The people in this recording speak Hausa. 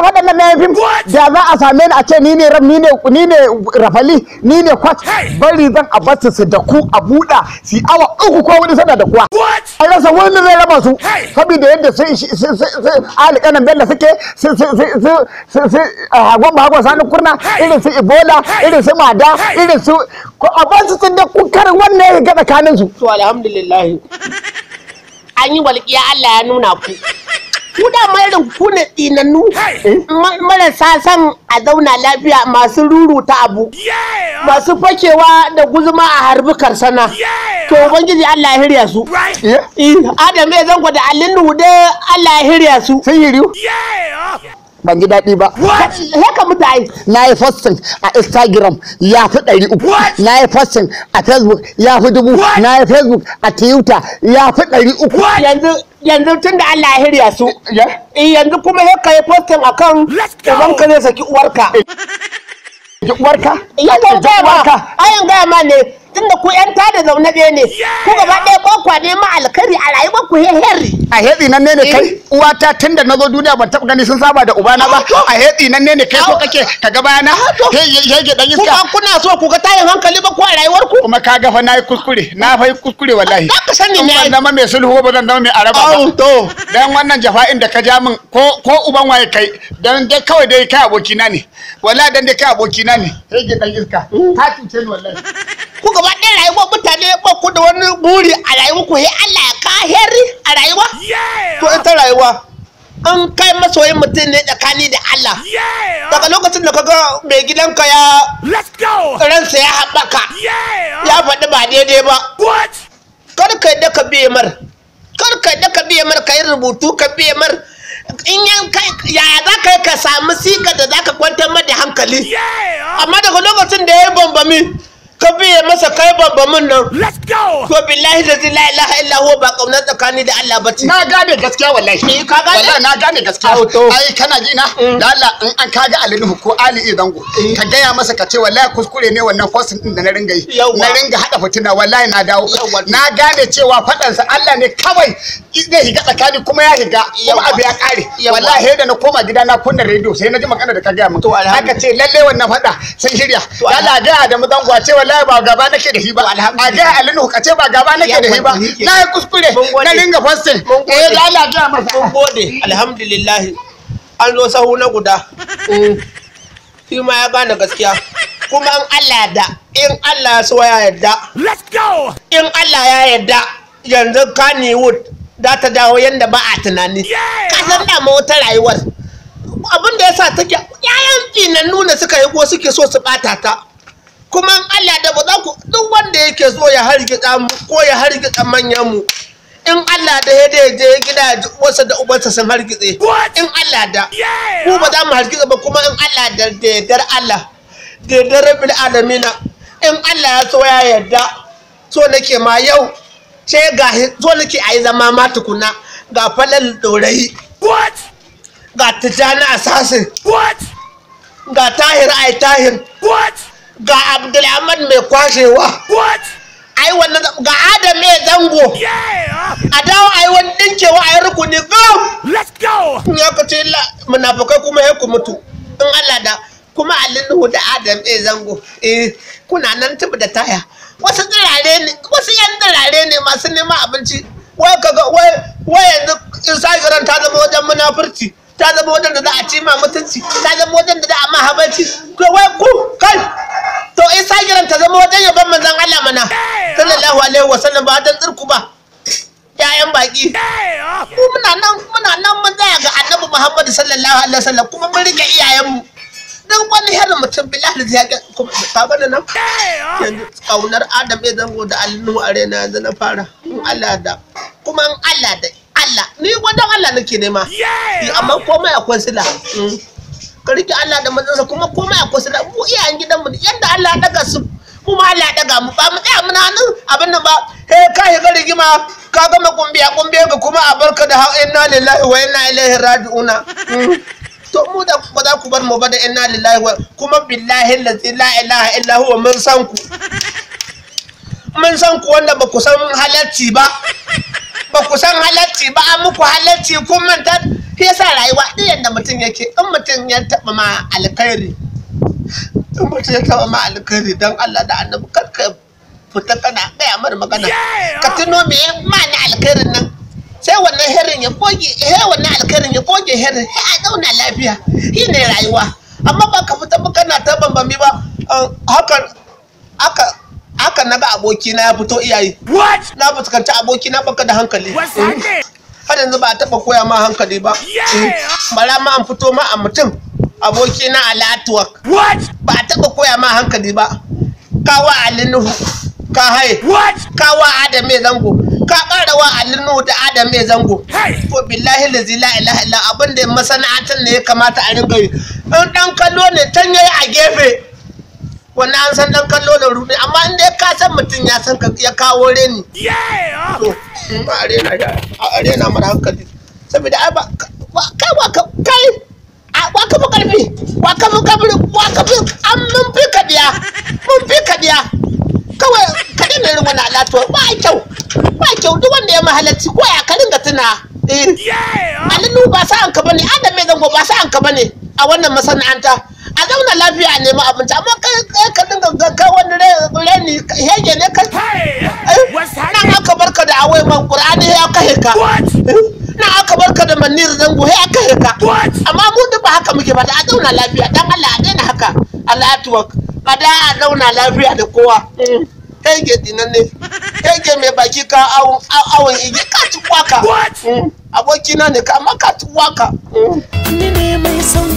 irin waɗannan laifin da za a same ni a ce ni ne ni ne ni ne rafali ni ne kwat bari zan a basu su da ku a buɗa su awa uku ko wani sana da kuwa a rasa wani zai raba su saboda yadda su alƙanan bella suke su hagon hagon sani kurna irin su ebola irin su mada irin su a basu su da kukarin wannan ya tsakanin Su to alhamdulillah an yi walƙiya Allah ya nuna ku. ku da marin ku ne tsinannu marasa son a zauna lafiya masu ruruta abu masu fakewa da guzuma a harbi karsana to ubangiji Allah ya hirya su eh, adam ya zan da alin nude Allah ya hirya su sun hiriyu oh! ban ji daɗi ba. Haka mutane. Na yi fasting a Instagram ya fi ɗari uku. Na yi fasting a Facebook ya fi dubu. Na yi Facebook a Twitter ya fi ɗari uku. Yanzu yanzu tun da Allah ya hirya su eh, yanzu kuma ya kai posting akan uban ka zai saki uwarka uwarka ya ga gaya ma ayan gaya ma ne tunda ku yan tada zaune ɗaya ne ku gaba ɗaya ko kwa ma alkari a rayuwar ku heri a hetsi nan ne ne kai eh. uwata tunda nazo duniya ban taɓa gani sun saba da ubana ba a hetsi nan ne ne kai ko kake ka ga bayana Hege dan iska kuma kuna so ku ga tayin hankali ba ko a rayuwar ku kuma ka ga fa nayi kuskure na fa yi kuskure wallahi ka sani ne ban zama mai sulhu ba zan zama mai araba ba to dan wannan jafa'in da ka ja min ko ko uban waye kai dan dai kawai dai kai abokina ne wallahi dan dai kai abokina ne Hege dan iska ka mm. tuce ni wallahi ku gaba ɗaya rayuwar mutane ba ku da wani buri a rayuwa ku yi Allah ya heri a rayuwa to ita rayuwa an kai masoyin mutum ne tsakani da Allah daga lokacin da kaga mai gidanka ya ransa ya haɓaka ya faɗi ba daidai ba kar ka yadda ka biye mar kar ka yadda ka biye mar ka yi rubutu ka biye mar in yan kai yaya za ka yi ka samu sika da za ka kwantar da hankali amma daga lokacin da ya yi bambami ka biye masa kai babbamin nan to billahi da la ilaha illa huwa ba kauna tsakani da Allah bace na gane gaskiya wallahi ni ka gane wallahi na gane gaskiya ai kana gina? Mm. da Allah in an kaga alinuhu ko ali idango mm. ka gaya masa ka ce wallahi kuskure ne wannan fasin din da na ringa yi na ringa hada fitina wallahi na dawo na gane cewa fadansa Allah ne kawai zai shiga tsakani kuma ya shiga kuma abu ya kare wallahi da na koma gida na kunna rediyo sai na ji magana da ka gaya min haka ce lalle wannan fada sun shirya yalla ga da mu zangwa gwace wallahi ba gaba nake da shi ba a ga alinu ka ce ba gaba nake da shi ba na yi kuskure na dinga fasin. eh da Allah ga masa mun gode alhamdulillah an zo sahu na guda mm. shi ma ya gane gaskiya kuma an Allah da in Allah ya so ya yarda let's go in Allah ya yarda yanzu Kaniwood. za ta dawo yadda ba a tunani kasan da ma wata rayuwar abin da ta take yayan tsinan nuna suka yi ko suke so su bata ta kuma Allah da ba za ku duk wanda yake so ya hargitsa mu ko ya hargitsa manyan mu in Allah da ya da ya gida wasa da ubansa sun hargitse in Allah da ku ba za mu hargitsa ba kuma in Allah da daidar Allah daidar rabbil alamina in Allah ya so ya yarda so nake ma yau ce ga dole ki a yi zama ma tukuna ga falal dorayi ga tijjani assassin ga tahir ai tahir ga Ahmad mai kwashewa ai wannan ga adam e zango a dawo ai wani dinkewa ai rukuni go let's go in ya kace munafikai kuma ya ku mutu in Allah da kuma alilhu da adam e zango eh kuna nan tubu da taya wasu tsirare ne wasu yan tsirare ne masu neman abinci wai kaga wai wai yanzu instagram ta zama wajen munafurci ta zama wajen da za a cima mutunci ta zama wajen da za a ma to wai ku kai to instagram ta zama wajen yaban manzon Allah mana sallallahu alaihi wa sallam ba dan tsirku ba ƴaƴan baki ku muna nan muna nan mun zaya ga annabi Muhammad sallallahu alaihi wa sallam? kuma mun rike iyayenmu dan wani harin mutum bilal ya ga kuma ta bana nan yanzu kaunar adam ya zango da alinu arena yanzu na fara in allah da kuma in allah da allah ni gwadon allah nake nema amma komai akwai sila mm. ka rike allah da mazansa kuma komai akwai sila mu iyayen gidanmu yadda allah ya daga su mu ma Allah ya daga mu ba mu tsaya muna nan abin nan ba he ka yi ga rigima ka gama kumbiya kumbiya ga kuma a barka da inna lillahi wa inna ilaihi raji'una mm. to mu da ba za ku bar mu ba da inna lillahi wa kuma billahi allazi la ilaha illa huwa mun san ku mun san ku wanda ba ku san halacci ba ba ku san halacci ba an muku halacci kun manta shi yasa rayuwa din yanda mutum yake in mutum ya taba ma alkhairi in mutum ya taba ma alkhairi dan Allah da Annabi kar ka fita kana gaya mana magana ka tuno me ma na alkhairin nan sai wannan herin ya foge he wannan alkarin ya foge herin he a zauna lafiya shi ne rayuwa amma ba ka fita kana ta bambami ba hakan eh, aka haka na ga abokina ya fito iyaye na fuskanci abokina baka da hankali har yanzu ba a taɓa koya ma hankali ba bara ma an fito ma a mutum abokina a latwak ba a taɓa koya ma hankali ba kawa alinuhu ka haye kawa adame zango ka ƙara wa alin nuhu da adam mai zango ko billahi lazi la ilaha illa abin da masana'antar ne ya kamata a ringa yi in dan kallo ne tan yayi a gefe wani an san dan kallo da rubi amma inda ya ka mutum ya san ya kawo reni to arena mara hankali saboda ai ba kai ba kai ba ka fi karfi ba ka fi kabri ba ka fi an mun fi ka mun fi ka biya kawai ka dina irin wani alatuwa ba kyau ba kyau duk wanda ya mahalarci ko ya ka ringa tuna eh, alinu ba sa an ka bane adam mai zango ba sa an ka bane a wannan masana'anta a zauna lafiya a nemi abinci amma ka dinga ka wani reni hege ne eh, ka na aka barka da awai man qur'ani ya kahe ka Na aka barka da manir zango ya kahe ka amma mu duk ba haka muke ba a zauna lafiya dan Allah a daina haka Allah ya tuwa kada a zauna lafiya da kowa eh, kai ke dinan ne shege mai baki ka awon igi ka ci kwaka mm. abokina ne ka maka ci kwaka mm.